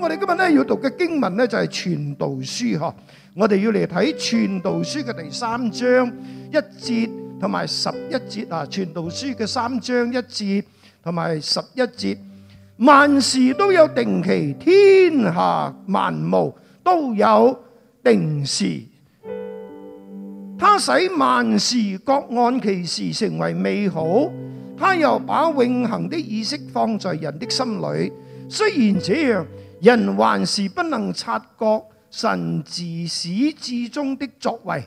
我哋今日咧要讀嘅經文咧就係《傳道書》嗬，我哋要嚟睇《傳道書》嘅第三章一節同埋十一節啊，《傳道書》嘅三章一節同埋十一節，萬事都有定期，天下萬務都有定時。他使萬事各按其時成為美好，他又把永恆的意識放在人的心裏。雖然這樣。人還是不能察覺神自始至終的作為。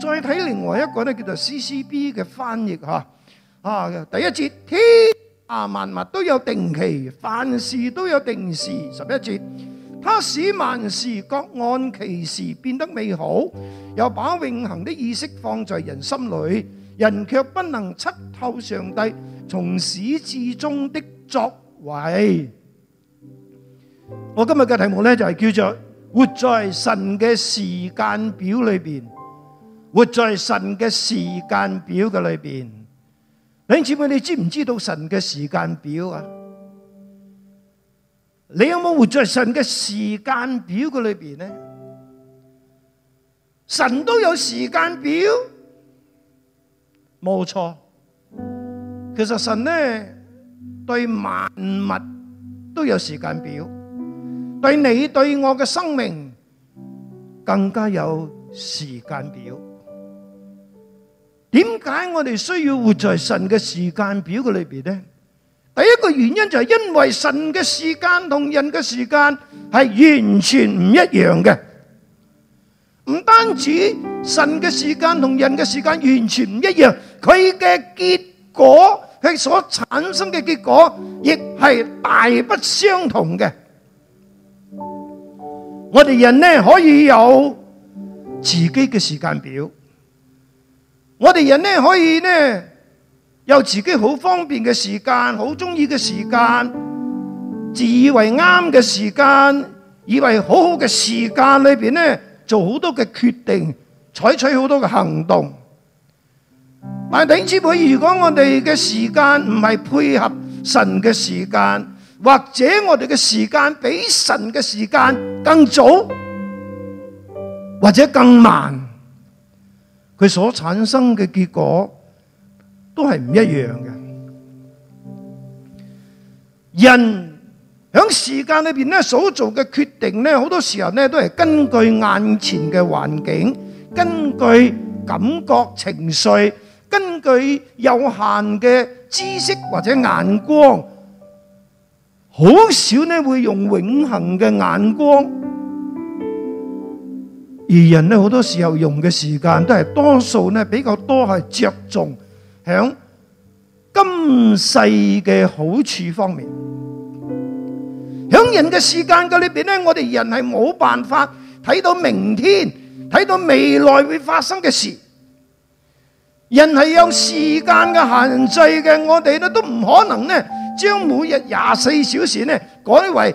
再睇另外一個叫做 C C B 嘅翻譯啊，第一節，天下、啊、萬物都有定期，凡事都有定時。十一節，他使萬事各按其時變得美好，又把永恆的意識放在人心裏。」人卻不能察透上帝從始至終的作為。我今日嘅題目咧，就係、是，叫做活在神嘅時間表裏邊，活在神嘅時間表嘅裏邊。弟兄姊妹，你知唔知道神嘅時間表啊？你有冇活在神嘅時間表嘅裏邊呢？神都有時間表，冇錯。其實神呢，對萬物都有時間表。對你對我嘅生命更加有時間表。點解我哋需要活在神嘅時間表嘅裏邊呢？第一個原因就係因為神嘅時間同人嘅時間係完全唔一樣嘅。唔單止神嘅時間同人嘅時間完全唔一樣，佢嘅結果，佢所產生嘅結果亦係大不相同嘅。我哋人呢可以有自己嘅時間表，我哋人呢可以呢有自己好方便嘅時間、好中意嘅時間、自以為啱嘅時間、以為好好嘅時間裏邊呢做好多嘅決定、採取好多嘅行動。但頂之輩，如果我哋嘅時間唔係配合神嘅時間。或者我哋嘅時間比神嘅時間更早，或者更慢，佢所產生嘅結果都係唔一樣嘅。人喺時間裏邊咧所做嘅決定咧，好多時候咧都係根據眼前嘅環境，根據感覺情緒，根據有限嘅知識或者眼光。好少咧，會用永恆嘅眼光；而人咧，好多時候用嘅時間都係多數咧，比較多係着重響今世嘅好處方面。響人嘅時間嘅裏邊咧，我哋人係冇辦法睇到明天，睇到未來會發生嘅事。人係有時間嘅限制嘅，我哋咧都唔可能咧。將每日廿四小時呢，改為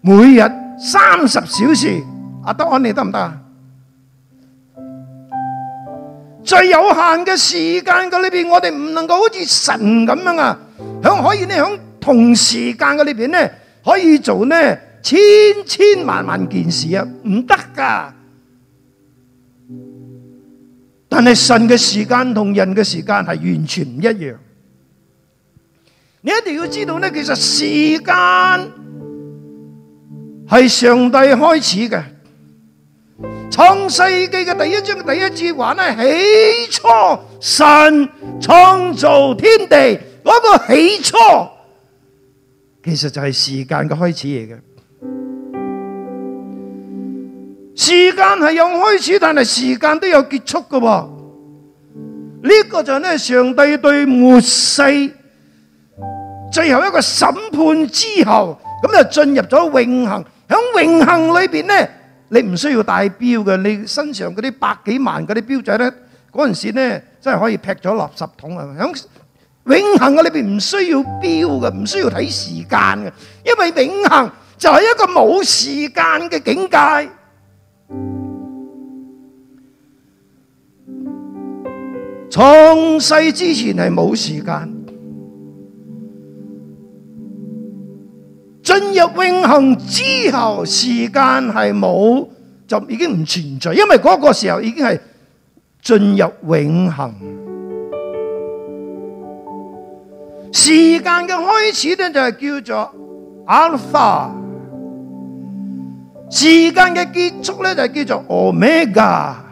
每日三十小時，阿德安，你得唔得啊？最有限嘅時間嘅裏邊，我哋唔能夠好似神咁樣啊，響可以呢，響同時間嘅裏邊呢，可以做呢千千萬萬件事啊，唔得噶。但係神嘅時間同人嘅時間係完全唔一樣。你一定要知道呢，其實時間係上帝開始嘅，《創世記》嘅第一章第一節話咧，起初神創造天地嗰、那個起初，其實就係時間嘅開始嚟嘅。時間係有開始，但係時間都有結束嘅。呢個就係咧，上帝對末世。最後一個審判之後，咁就進入咗永恒。喺永恒裏邊呢，你唔需要帶錶嘅，你身上嗰啲百幾萬嗰啲錶仔呢，嗰陣時呢真係可以劈咗垃圾桶。喺永恒嘅裏邊唔需要錶嘅，唔需要睇時間嘅，因為永恒就係一個冇時間嘅境界。創世之前係冇時間。進入永恆之後，時間係冇就已經唔存在，因為嗰個時候已經係進入永恆。時間嘅開始咧就係叫做阿拉法，時間嘅結束咧就係叫做歐米伽。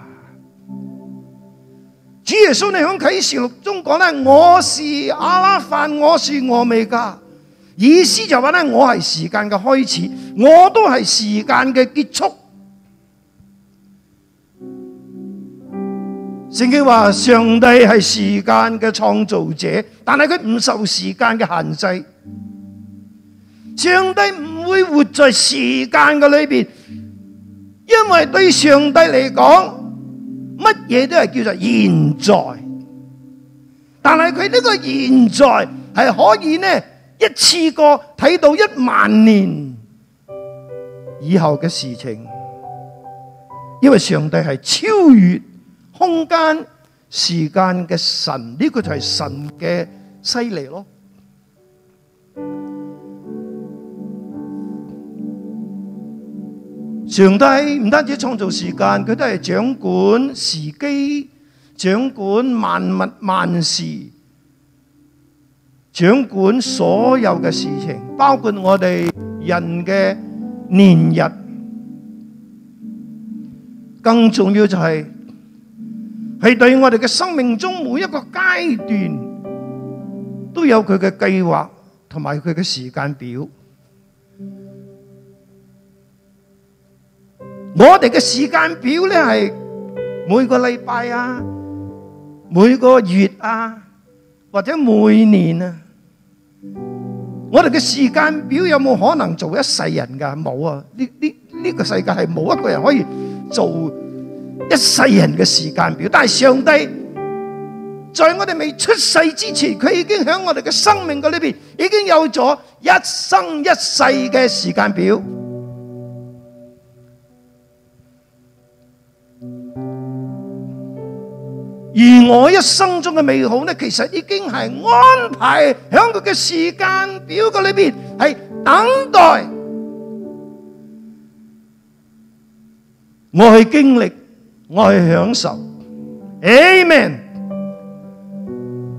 主耶穌你喺啟示錄中講咧：「我是阿拉法，我是歐米伽。」意思就話咧，我係時間嘅開始，我都係時間嘅結束。聖經話上帝係時間嘅創造者，但係佢唔受時間嘅限制。上帝唔會活在時間嘅裏邊，因為對上帝嚟講，乜嘢都係叫做現在。但係佢呢個現在係可以呢？一次過睇到一萬年以後嘅事情，因為上帝係超越空間時間嘅神，呢個就係神嘅犀利咯。上帝唔單止創造時間，佢都係掌管時機，掌管萬物萬事。掌管所有嘅事情，包括我哋人嘅年日。更重要就係、是，係對我哋嘅生命中每一個階段，都有佢嘅計劃同埋佢嘅時間表。我哋嘅時間表咧係每個禮拜啊，每個月啊。或者每年啊，我哋嘅時間表有冇可能做一世人噶？冇啊！呢呢呢個世界係冇一個人可以做一世人嘅時間表。但係上帝在我哋未出世之前，佢已經響我哋嘅生命嗰裏邊已經有咗一生一世嘅時間表。而我一生中嘅美好呢，其實已經係安排響佢嘅時間表嘅裏邊，係等待我去經歷，我去享受。Amen。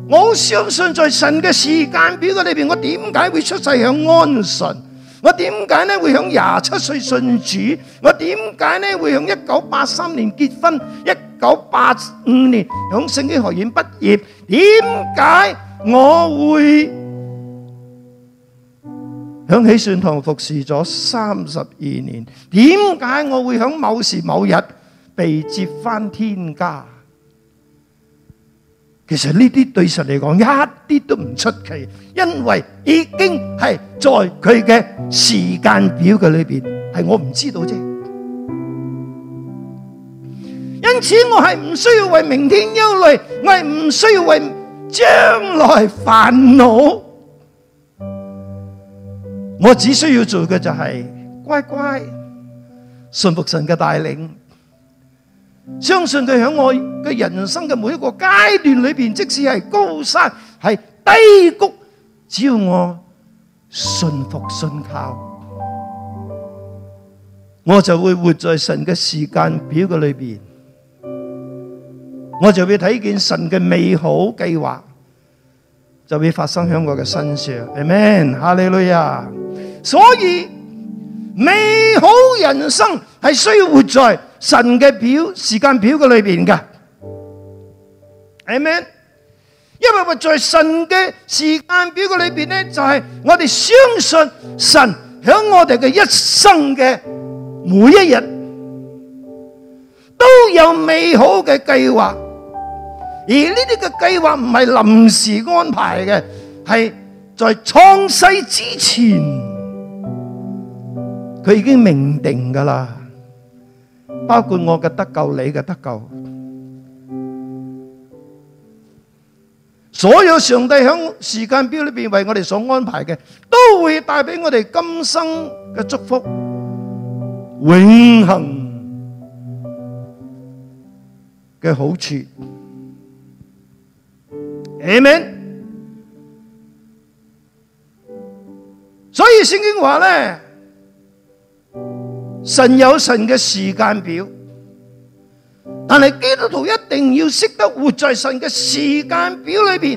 我好相信在神嘅時間表嘅裏邊，我點解會出世響安神。我點解呢會響廿七歲信主？我點解呢會響一九八三年結婚？一九八五年響聖經學院畢業，點解我會響喜信堂服侍咗三十二年？點解我會響某時某日被接翻天家？其實呢啲對神嚟講一啲都唔出奇，因為已經係在佢嘅時間表嘅裏邊，係我唔知道啫。因此我係唔需要為明天憂慮，我係唔需要為將來煩惱。我只需要做嘅就係乖乖信服神嘅帶領。相信佢響我嘅人生嘅每一個階段裏邊，即使係高山係低谷，只要我信服信靠，我就會活在神嘅時間表嘅裏邊，我就會睇見神嘅美好計劃就會發生響我嘅身上。阿門，哈利路亞，所以美好人生係需要活在。神嘅表時間表嘅裏邊噶，Amen？因為我在神嘅時間表嘅裏邊咧，就係、是、我哋相信神響我哋嘅一生嘅每一日都有美好嘅計劃，而呢啲嘅計劃唔係臨時安排嘅，係在創世之前佢已經命定噶啦。包括我嘅得救，你嘅得救，所有上帝喺時間表裏邊為我哋所安排嘅，都會帶俾我哋今生嘅祝福，永恆嘅好處。Amen。所以聖經話咧。神有神嘅時間表，但係基督徒一定要識得活在神嘅時間表裏邊，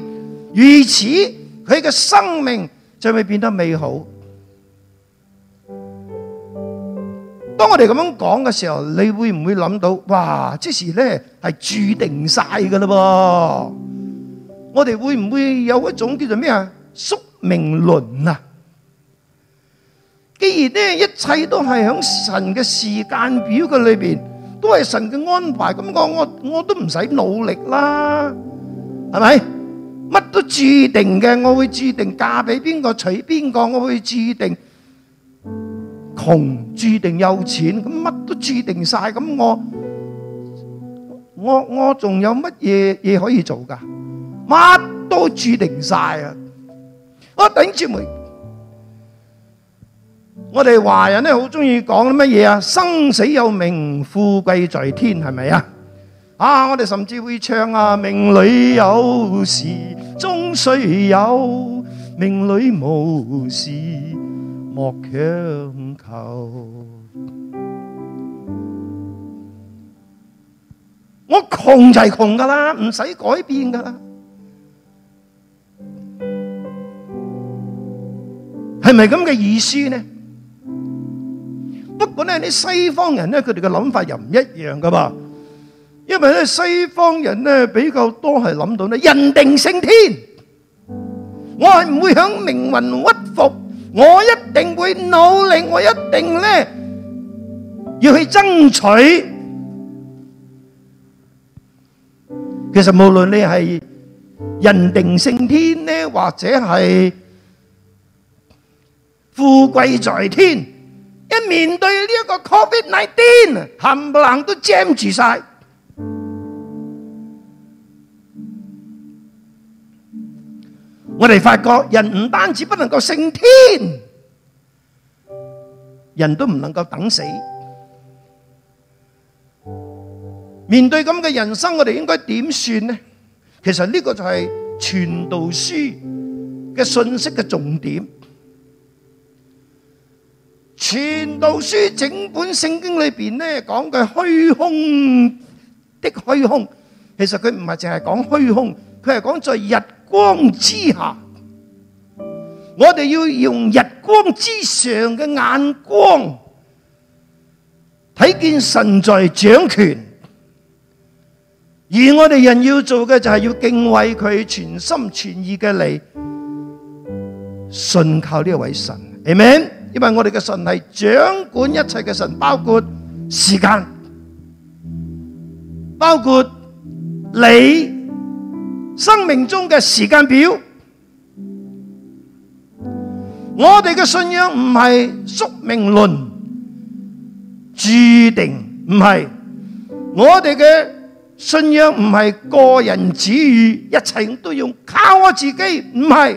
如此佢嘅生命就會變得美好。當我哋咁樣講嘅時候，你會唔會諗到？哇！即時咧係注定晒噶喇噃，我哋會唔會有一種叫做咩啊宿命論啊？既然呢一切都係喺神嘅時間表嘅裏邊，都係神嘅安排，咁我我我都唔使努力啦，係咪？乜都注定嘅，我會注定嫁俾邊個，娶邊個，我會注定窮，注定有錢，咁乜都注定晒，咁我我我仲有乜嘢嘢可以做噶？乜都注定晒啊！我頂住未？我哋華人咧，好中意講乜嘢啊？生死有命，富貴在天，係咪啊？啊！我哋甚至會唱啊，命裏有事終須有，命裏無事莫強求，求。我窮就係窮噶啦，唔使改變噶啦。係咪咁嘅意思呢？不過呢，啲西方人呢，佢哋嘅諗法又唔一樣噶嘛。因為呢，西方人呢比較多係諗到呢，人定勝天。我係唔會向命運屈服，我一定會努力，我一定呢要去爭取。其實無論你係人定勝天呢，或者係富貴在天。面對呢一個 Covid nineteen，冚唪唥都遮唔住晒。我哋發覺人唔單止不能夠勝天，人都唔能夠等死。面對咁嘅人生，我哋應該點算呢？其實呢個就係傳道書嘅信息嘅重點。全道書，整本聖經裏邊呢，講嘅虛空的虛空，其實佢唔係淨係講虛空，佢係講在日光之下，我哋要用日光之上嘅眼光睇見神在掌權，而我哋人要做嘅就係要敬畏佢，全心全意嘅嚟信靠呢一位神，Amen。因為我哋嘅神係掌管一切嘅神，包括時間，包括你生命中嘅時間表。我哋嘅信仰唔係宿命論，注定唔係。我哋嘅信仰唔係個人主義，一切都要靠我自己，唔係。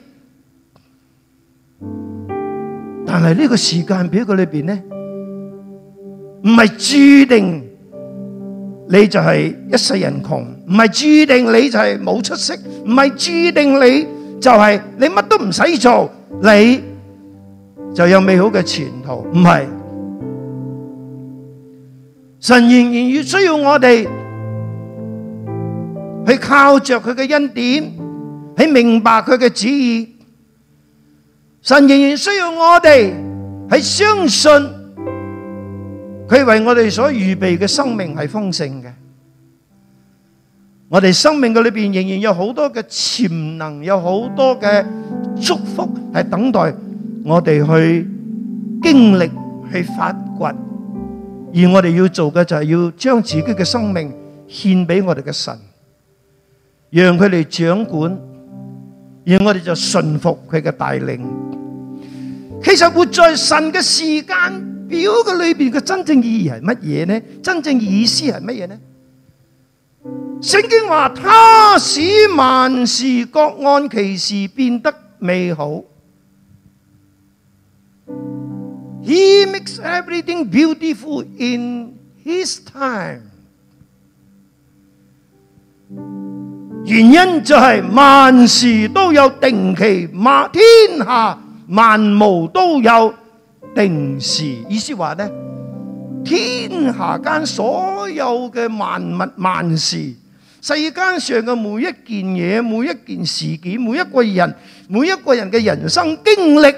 但係呢個時間表嘅裏邊咧，唔係注定你就係一世人窮，唔係注定你就係冇出息，唔係注定你就係你乜都唔使做，你就有美好嘅前途，唔係。神仍然越需要我哋去靠着佢嘅恩典，去明白佢嘅旨意。神仍然需要我哋係相信佢為我哋所預備嘅生命係豐盛嘅。我哋生命嘅裏邊仍然有好多嘅潛能，有好多嘅祝福係等待我哋去經歷，去發掘。而我哋要做嘅就係要將自己嘅生命獻俾我哋嘅神，讓佢嚟掌管，而我哋就順服佢嘅帶領。其實活在神嘅時間表嘅裏邊嘅真正意義係乜嘢呢？真正意思係乜嘢呢？聖經話，他使萬事各按其時變得美好。He makes everything beautiful in His time。原因就係萬事都有定期，罵天下。萬物都有定時，意思話咧，天下間所有嘅萬物萬事，世間上嘅每一件嘢、每一件事件、每一個人、每一個人嘅人生經歷，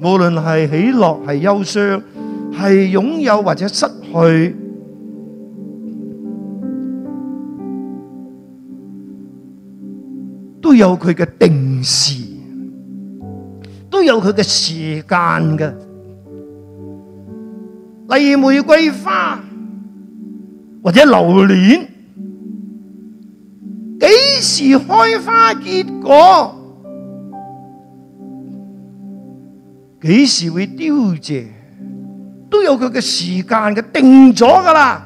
無論係喜樂、係憂傷、係擁有或者失去，都有佢嘅定時。都有佢嘅時間嘅，例如玫瑰花或者榴蓮，幾時開花結果，幾時會凋謝，都有佢嘅時間嘅，定咗噶啦。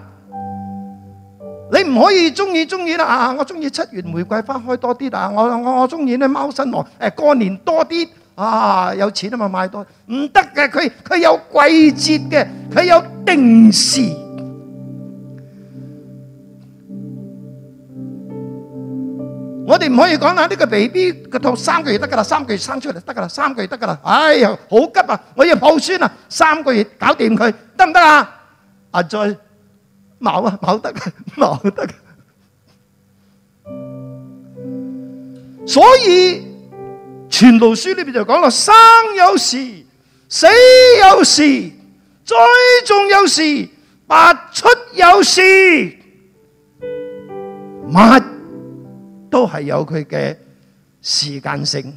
你唔可以中意中意啦啊！我中意七月玫瑰花開多啲，但係我我我中意咧貓新郎誒，過年多啲。啊，有錢啊嘛，買多唔得嘅，佢佢有季節嘅，佢有定時。我哋唔可以講下呢個 BB 個肚三個月得噶啦，三個月生出嚟得噶啦，三個月得噶啦。哎呀，好急啊！我要抱孫啊，三個月搞掂佢得唔得啊？阿再冇啊，冇得嘅，冇得嘅。所以。傳道書》裏邊就講咯，生有時，死有時，栽種有時，拔出有時，乜都係有佢嘅時間性。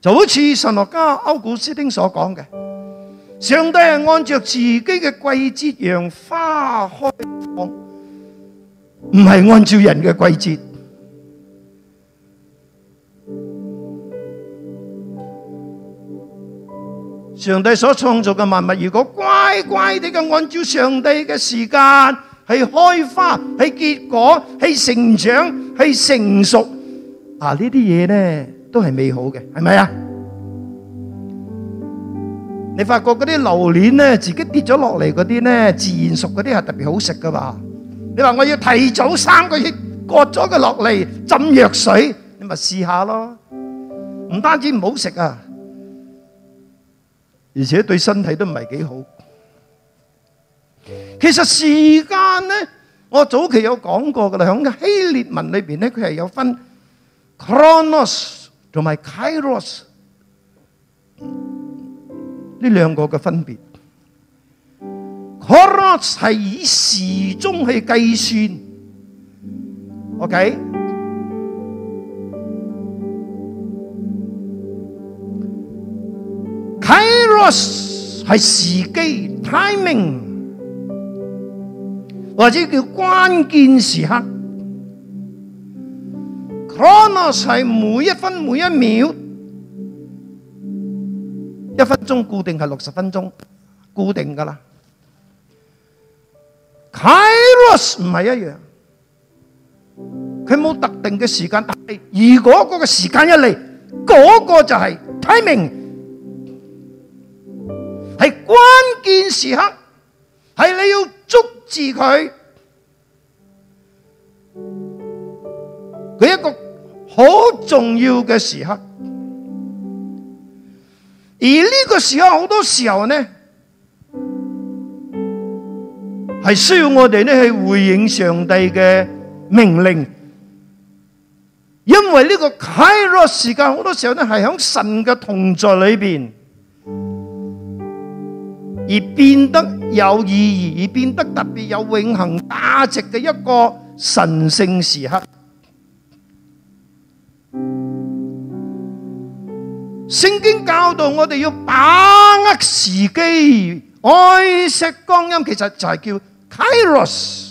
就好似神學家歐古斯丁所講嘅，上帝係按照自己嘅季節讓花開放，唔係按照人嘅季節。上帝所創造嘅萬物，如果乖乖哋嘅按照上帝嘅時間，係開花，係結果，係成長，係成熟，啊呢啲嘢咧都係美好嘅，係咪啊？你發覺嗰啲榴蓮咧，自己跌咗落嚟嗰啲咧，自然熟嗰啲係特別好食噶嘛？你話我要提早三個月割咗佢落嚟，浸藥水，你咪試下咯？唔單止唔好食啊！而且對身體都唔係幾好。其實時間咧，我早期有講過噶啦，喺希臘文裏面咧，佢係有分 chronos 同埋 kairos 呢兩個嘅分別。chronos 係以時鐘去計算，OK。係時機 timing，或者叫關鍵時刻。Chronos 係每一分每一秒，一分鐘固定係六十分鐘固定噶啦。Kairos 唔係一樣，佢冇特定嘅時間，但係如果嗰個時間一嚟，嗰個就係 timing。係關鍵時刻，係你要捉住佢，佢一個好重要嘅時刻。而呢個時刻好多時候呢，係需要我哋呢去回應上帝嘅命令，因為呢個 Kairos 時間，好多時候呢係喺神嘅同在裏邊。而變得有意義，而變得特別有永恆價值嘅一個神聖時刻。聖經教導我哋要把握時機，愛惜光陰，其實就係叫 Kairos。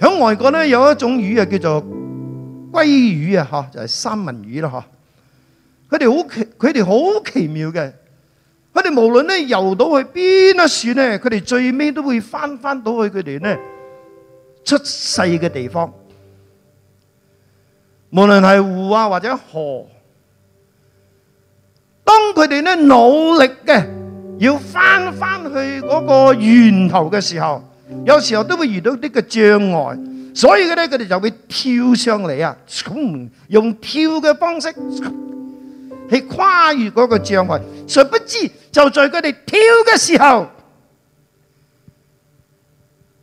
喺外國咧有一種魚啊叫做鮭魚啊，吓就係三文魚咯，吓佢哋好強。佢哋好奇妙嘅，佢哋無論咧游到去邊一樹咧，佢哋最尾都會翻翻到去佢哋咧出世嘅地方。無論係湖啊或者河，當佢哋咧努力嘅要翻翻去嗰個源頭嘅時候，有時候都會遇到啲嘅障礙，所以嘅咧佢哋就會跳上嚟啊，用跳嘅方式。你跨越嗰個障礙，誰不知就在佢哋跳嘅時候，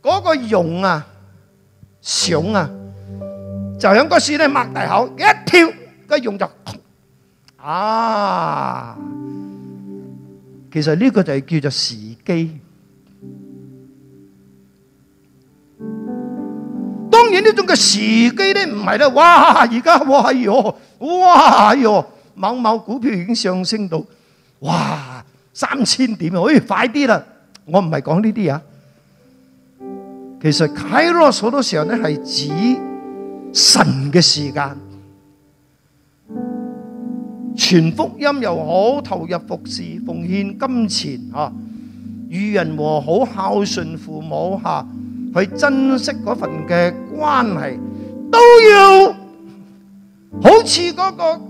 嗰個容啊、想啊，就喺嗰樹咧擘大口一跳，個容就，啊，其實呢個就係叫做時機。當然呢種嘅時機咧唔係啦，哇！而家哇喲，哇喲。某某股票已經上升到哇三千點啊！哎，快啲啦！我唔係講呢啲啊。其實 Kairos，好多時候咧係指神嘅時間，傳福音又好，投入服侍、奉獻金錢嚇，與人和好、孝順父母嚇，去珍惜嗰份嘅關係，都要好似嗰個。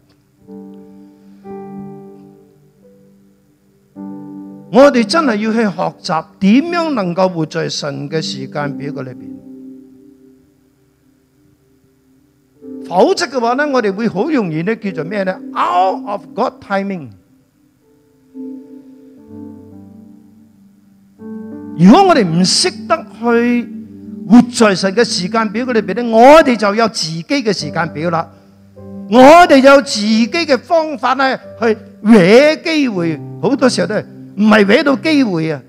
我哋真係要去學習點樣能夠活在神嘅時間表裏邊，否則嘅話咧，我哋會好容易咧叫做咩咧？Out of God timing。如果我哋唔識得去活在神嘅時間表裏邊咧，我哋就有自己嘅時間表啦。我哋有自己嘅方法咧，去搵機會，好多時候都係。唔係俾到機會啊！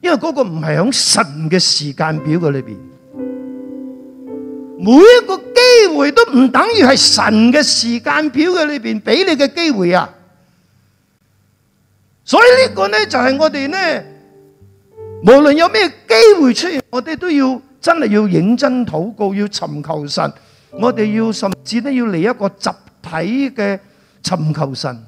因為嗰個唔係喺神嘅時間表嘅裏邊，每一個機會都唔等於係神嘅時間表嘅裏邊俾你嘅機會啊！所以呢個呢個咧就係、係、我哋咧，無論有咩機會出現，我哋都要真係要認真禱告，要尋求神，我哋要甚至都要嚟一個集體嘅尋求神。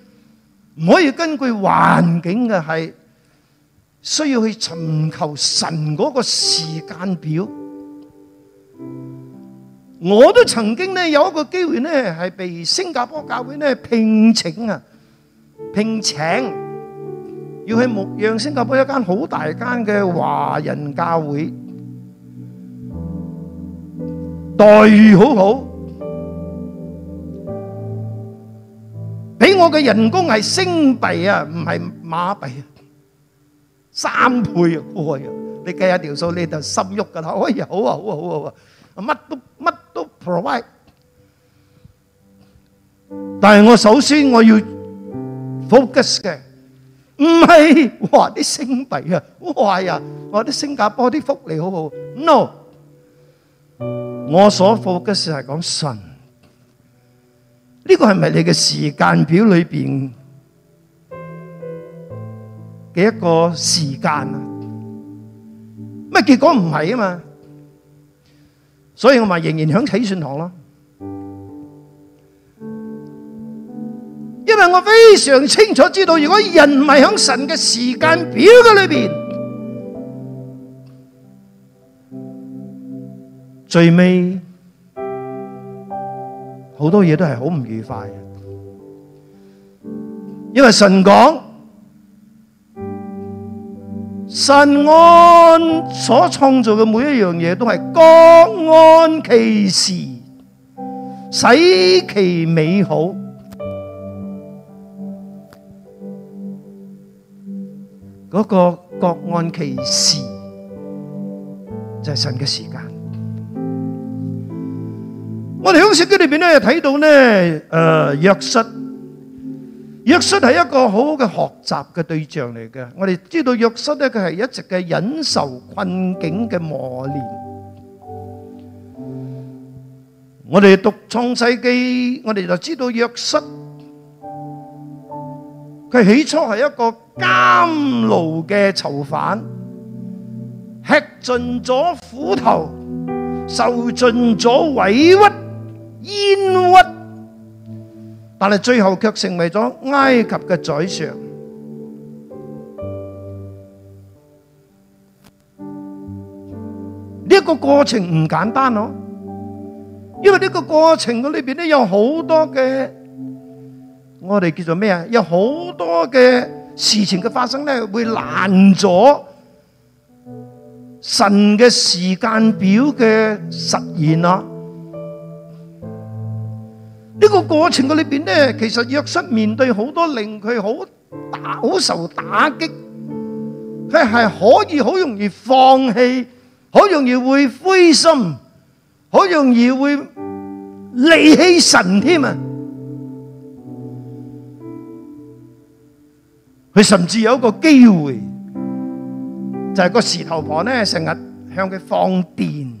唔可以根據環境嘅係需要去尋求神嗰個時間表。我都曾經咧有一個機會咧係被新加坡教會咧聘請啊，聘請要去牧養新加坡一間好大間嘅華人教會，待遇好好。我嘅人工係星幣啊，唔係馬幣啊，三倍啊！哎呀，你計下條數，你就心喐㗎喇。哎呀，好啊，好啊，好啊，乜都乜都 provide。但係我首先我要 focus 嘅，唔係話啲星幣啊，哇呀，我啲新加坡啲福利好好。No，我所 focus 係講神。呢個係咪你嘅時間表裏邊嘅一個時間啊？乜結果唔係啊嘛？所以我咪仍然響起算堂咯。因為我非常清楚知道，如果人唔係響神嘅時間表嘅裏邊，最尾。好多嘢都係好唔愉快嘅，因為神講神安所創造嘅每一樣嘢都係各安其時，使其美好。嗰個各安其時，就係神嘅時間。聖經裏邊咧睇到咧，誒，約瑟，約瑟係一個好好嘅學習嘅對象嚟嘅。我哋知道約瑟咧，佢係一直嘅忍受困境嘅磨練。我哋讀創世記，我哋就知道約瑟，佢起初係一個監牢嘅囚犯，吃盡咗苦頭，受盡咗委屈。冤屈，ward, 但係最後卻成為咗埃及嘅宰相。呢個過程唔簡單咯，因為呢個過程嘅裏邊咧有好多嘅，我哋叫做咩啊？有好多嘅事情嘅發生咧，會難咗神嘅時間表嘅實現啊！呢個過程嘅裏邊咧，其實約瑟面對好多令佢好打、好受打擊，佢係可以好容易放棄，好容易會灰心，好容易會離棄神添啊！佢甚至有一個機會，就係個事頭婆咧，成日向佢放電。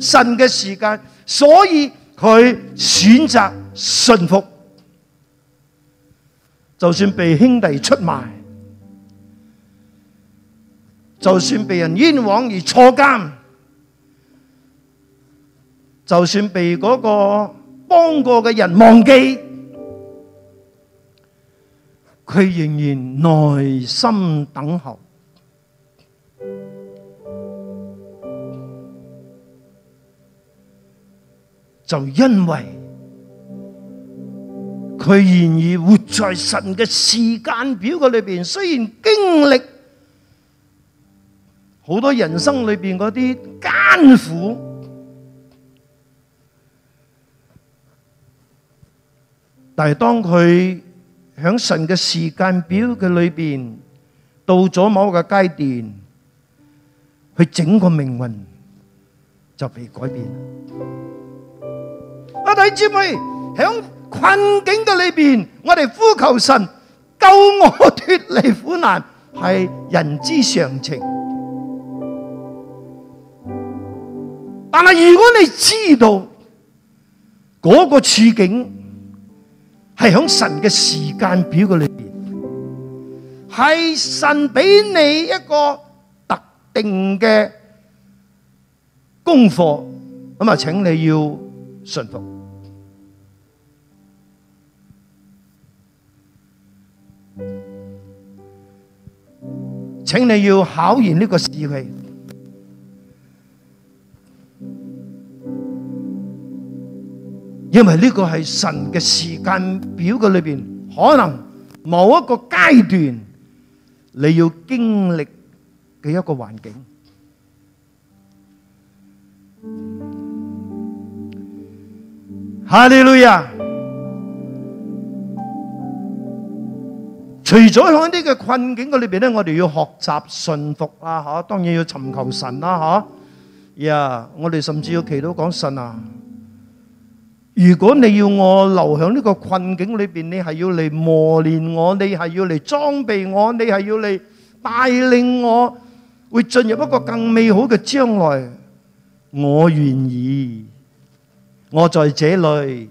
神嘅時間，所以佢選擇信服，就算被兄弟出賣，就算被人冤枉，而坐監，就算被嗰個幫過嘅人忘記，佢仍然耐心等候。就因為佢願意活在神嘅時間表嘅裏邊，雖然經歷好多人生裏邊嗰啲艱苦，但係當佢響神嘅時間表嘅裏邊到咗某個階段，佢整個命運就被改變。我哋姊妹響困境嘅裏邊，我哋呼求神救我脫離苦難，係人之常情。但係如果你知道嗰個處境係響神嘅時間表嘅裏邊，係神俾你一個特定嘅功課，咁啊，請你要順服。請你要考驗呢個試題，因為呢個係神嘅時間表嘅裏邊，可能某一個階段你要經歷嘅一個環境。哈利路亞。除咗喺呢個困境裏邊咧，我哋要學習信服啦！嗬，當然要尋求神啦，嗬。呀，我哋甚至要祈禱講神啊！如果你要我留喺呢個困境裏邊，你係要嚟磨練我，你係要嚟裝備我，你係要嚟帶領我，會進入一個更美好嘅將來。我願意，我在這裏。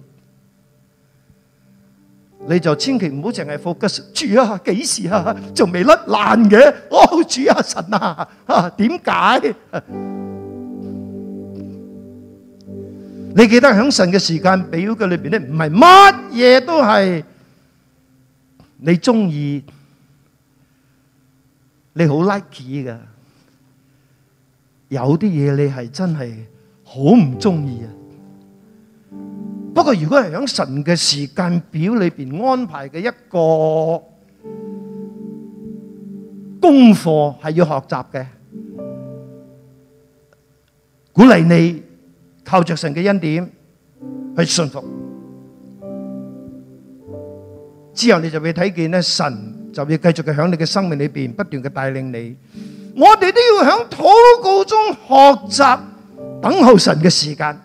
你就千祈唔好淨係伏吉住啊！幾時啊？仲未甩爛嘅，我住啊！神啊！啊，點解？你記得響神嘅時間表嘅裏邊咧，唔係乜嘢都係你中意，你好 lucky 噶，有啲嘢你係真係好唔中意啊！不過，如果係喺神嘅時間表裏邊安排嘅一個功課，係要學習嘅，鼓勵你靠着神嘅恩典去信服，之後你就會睇見咧，神就要繼續嘅喺你嘅生命裏邊不斷嘅帶領你。我哋都要喺禱告中學習，等候神嘅時間。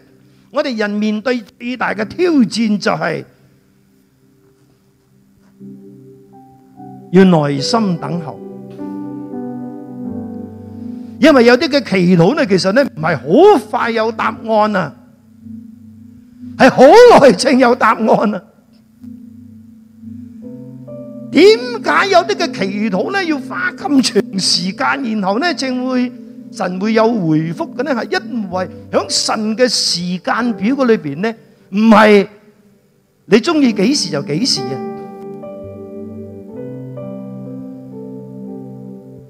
我哋人面對最大嘅挑戰就係要耐心等候，因為有啲嘅祈禱咧，其實咧唔係好快有答案啊，係好耐正有答案啊。點解有啲嘅祈禱咧要花咁長時間，然後咧正會？神會有回覆嘅咧，係因為喺神嘅時間表嗰裏邊咧，唔係你中意幾時就幾時啊！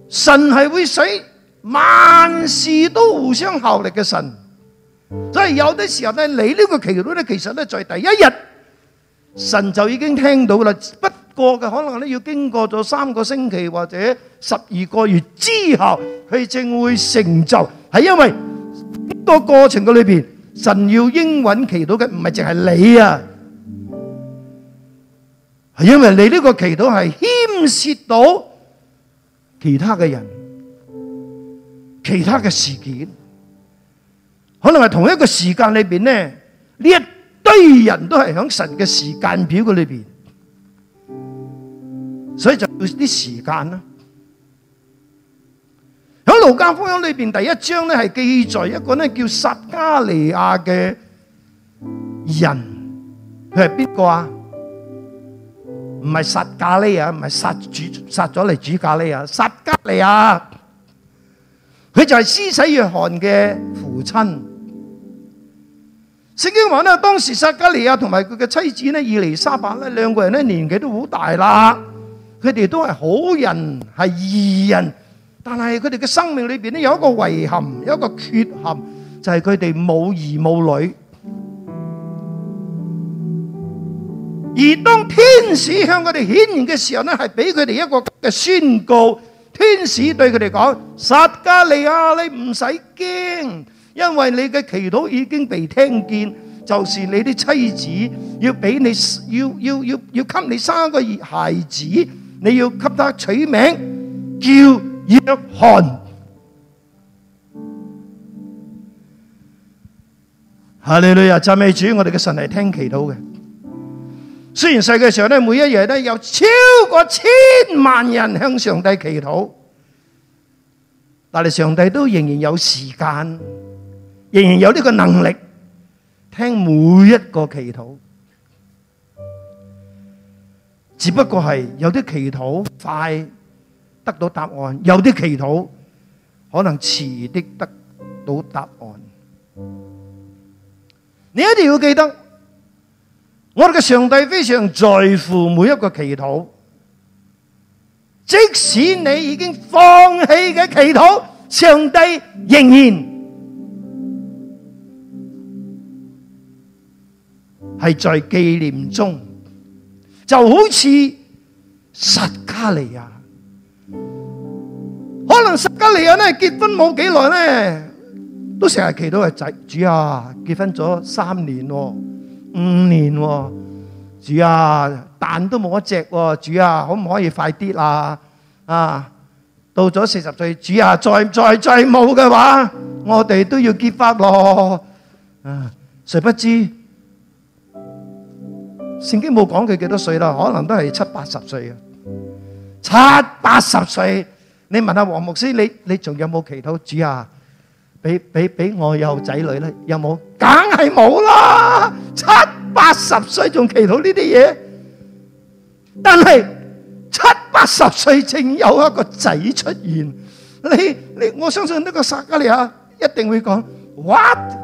神係會使萬事都互相效力嘅神，所以有啲時候咧，你呢個祈禱咧，其實咧在第一日，神就已經聽到啦，不過嘅可能咧要經過咗三個星期或者十二個月之後，佢正會成就。係因為呢個過程嘅裏邊，神要應允祈禱嘅唔係淨係你啊，係因為你呢個祈禱係牽涉到其他嘅人、其他嘅事件，可能係同一個時間裏邊咧，呢一堆人都係響神嘅時間表嘅裏邊。所以就要啲時間啦。喺《路加福音》呢邊第一章咧，係記載一個咧叫撒迦利亞嘅人，佢係邊個啊？唔係撒迦利亞，唔係殺主殺咗嚟主迦利亞，撒迦利亞，佢就係施洗約翰嘅父親。聖經話咧，當時撒迦利亞同埋佢嘅妻子咧，以利沙伯咧，兩個人咧年紀都好大啦。佢哋都係好人，係義人，但係佢哋嘅生命裏邊咧有一個遺憾，有一個缺陷，就係佢哋冇兒冇女。而當天使向佢哋顯現嘅時候咧，係俾佢哋一個嘅宣告。天使對佢哋講：撒迦利亞，你唔使驚，因為你嘅祈禱已經被聽見，就是你啲妻子要俾你，要要要要給你生一個孩子。你要給他取名叫約翰。哈利路亞讚美主，我哋嘅神係聽祈禱嘅。雖然世界上咧每一夜都有超過千萬人向上帝祈禱，但係上帝都仍然有時間，仍然有呢個能力聽每一個祈禱。只不過係有啲祈禱快得到答案，有啲祈禱可能遲啲得到答案。你一定要記得，我哋嘅上帝非常在乎每一個祈禱，即使你已經放棄嘅祈禱，上帝仍然係在紀念中。就好似薩加利亞，可能薩加利亞咧結婚冇幾耐咧，都成日祈禱個仔，主啊，結婚咗三年喎、哦，五年喎、哦，主啊，蛋都冇一隻喎、哦，主啊，可唔可以快啲啦、啊？啊，到咗四十歲，主啊，再再再冇嘅話，我哋都要結婚咯，啊，誰不知？聖經冇講佢幾多歲啦，可能都係七八十歲啊！七八十歲，你問下黃牧師，你你仲有冇祈禱主啊？俾俾俾我有仔女咧，有冇？梗係冇啦！七八十歲仲祈禱呢啲嘢，但係七八十歲正有一個仔出現，你你我相信呢個撒加利亞一定會講 what？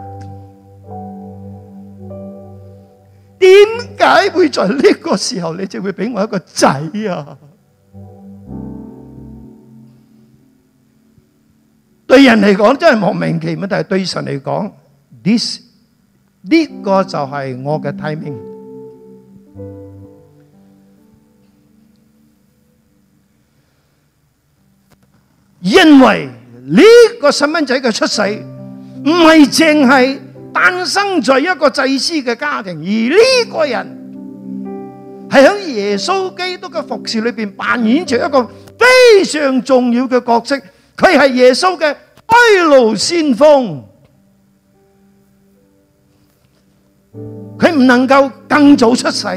點解會在呢個時候，你就會俾我一個仔啊？對人嚟講真係莫名其妙，但係對神嚟講，呢呢個就係我嘅 timing，因為呢個細蚊仔嘅出世唔係淨係。誕生在一個祭司嘅家庭，而呢個人係喺耶穌基督嘅服侍裏邊扮演着一個非常重要嘅角色。佢係耶穌嘅開路先鋒。佢唔能夠更早出世，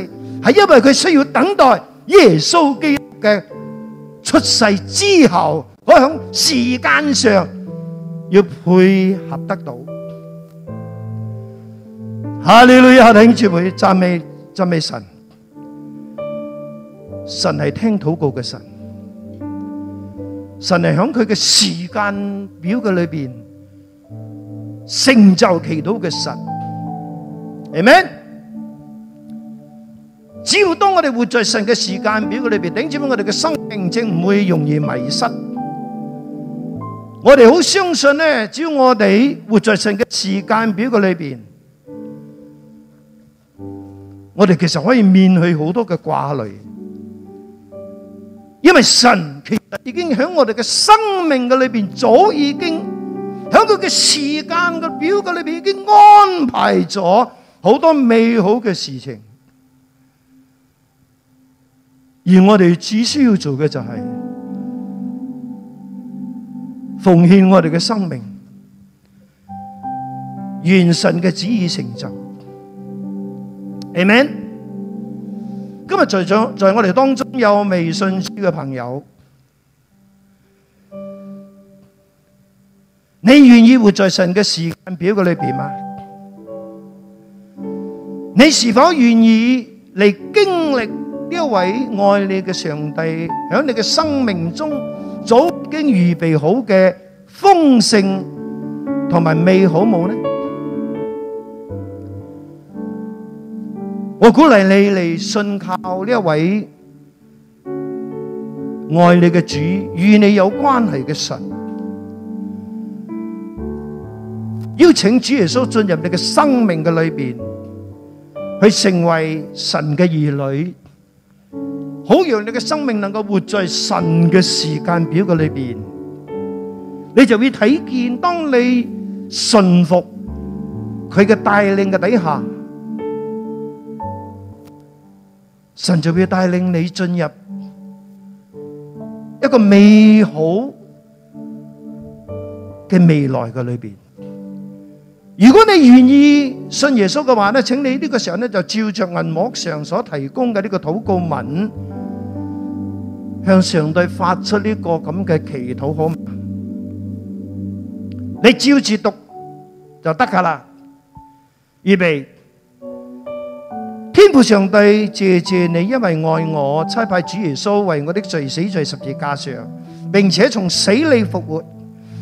係因為佢需要等待耶穌基督嘅出世之後，佢喺時間上要配合得到。下呢度有請姊妹讚美讚美神，神係聽禱告嘅神，神係響佢嘅時間表嘅裏邊成就祈禱嘅神 Amen。只要當我哋活在神嘅時間表嘅裏邊，頂住我哋嘅生命正唔會容易迷失。我哋好相信咧，只要我哋活在神嘅時間表嘅裏邊。我哋其實可以免去好多嘅掛慮，因為神其實已經喺我哋嘅生命嘅裏邊，早已經喺佢嘅時間嘅表格裏邊已經安排咗好多美好嘅事情，而我哋只需要做嘅就係奉獻我哋嘅生命，願神嘅旨意成就。Amen。今日在在我哋當中有未信主嘅朋友，你願意活在神嘅時間表嘅裏邊嗎？你是否願意嚟經歷呢一位愛你嘅上帝響你嘅生命中早已經預備好嘅豐盛同埋美好冇呢？我鼓勵你嚟信靠呢一位愛你嘅主，與你有關係嘅神，邀請主耶穌進入你嘅生命嘅裏邊，去成為神嘅兒女，好讓你嘅生命能夠活在神嘅時間表嘅裏邊，你就會睇見，當你順服佢嘅帶領嘅底下。神就會帶領你進入一個美好嘅未來嘅裏邊。如果你願意信耶穌嘅話咧，請你呢個時候咧就照着銀幕上所提供嘅呢個禱告文，向上帝發出呢個咁嘅祈禱。好，你照着讀就得㗎喇。預備。天父上帝，謝謝你，因為愛我，差派主耶穌為我的罪死在十字架上，並且從死裏復活。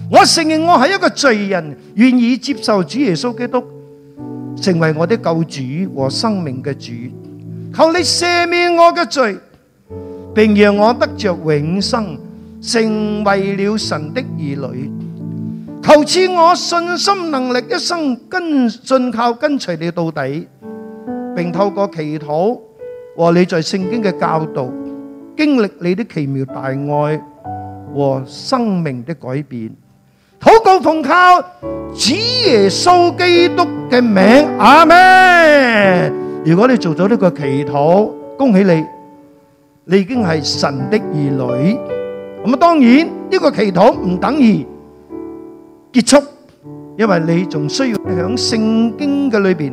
我承認我係一個罪人，願意接受主耶穌基督成為我的救主和生命嘅主。求你赦免我嘅罪，並讓我得着永生，成為了神的兒女。求賜我信心、能力，一生跟信靠跟隨你到底。並透過祈禱和你在聖經嘅教導，經歷你啲奇妙大愛和生命的改變，禱告奉靠主耶穌基督嘅名，阿門。如果你做咗呢個祈禱，恭喜你，你已經係神的兒女。咁啊，當然呢個祈禱唔等於結束，因為你仲需要響聖經嘅裏邊。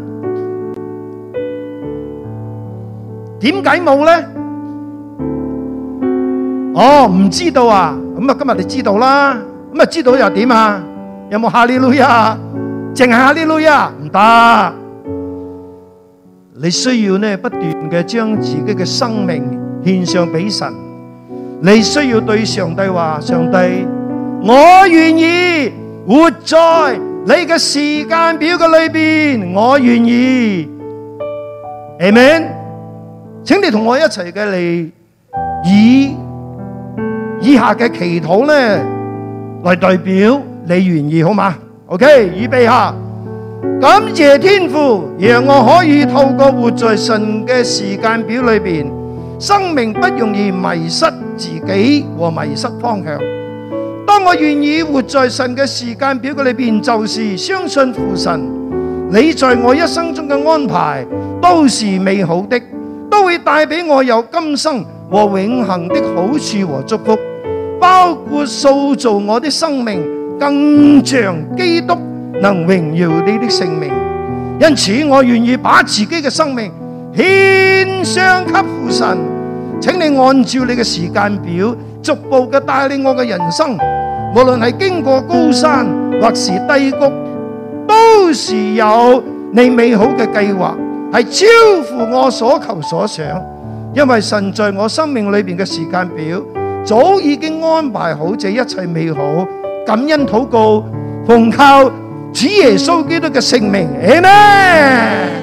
點解冇咧？哦，唔知道啊。咁啊，今日你知道啦。咁啊，知道又點啊？有冇哈利路亞啊？淨係哈利路亞啊，唔得。你需要呢不斷嘅將自己嘅生命獻上俾神。你需要對上帝話：上帝，我願意活在你嘅時間表嘅裏邊。我願意。Amen。請你同我一齊嘅嚟，以以下嘅祈禱咧，嚟代表你願意好嘛？OK，預備下，感謝天父，讓我可以透過活在神嘅時間表裏邊，生命不容易迷失自己和迷失方向。當我願意活在神嘅時間表裏邊，就是相信父神，你在我一生中嘅安排都是美好的。都會帶俾我有今生和永恆的好處和祝福，包括塑造我的生命更像基督，能榮耀你的聖名。因此，我願意把自己嘅生命獻上給父神，請你按照你嘅時間表，逐步嘅帶領我嘅人生。無論係經過高山或是低谷，都是有你美好嘅計劃。係超乎我所求所想，因為神在我生命裏邊嘅時間表早已經安排好，這一切美好，感恩禱告，奉靠主耶穌基督嘅聖名，阿門。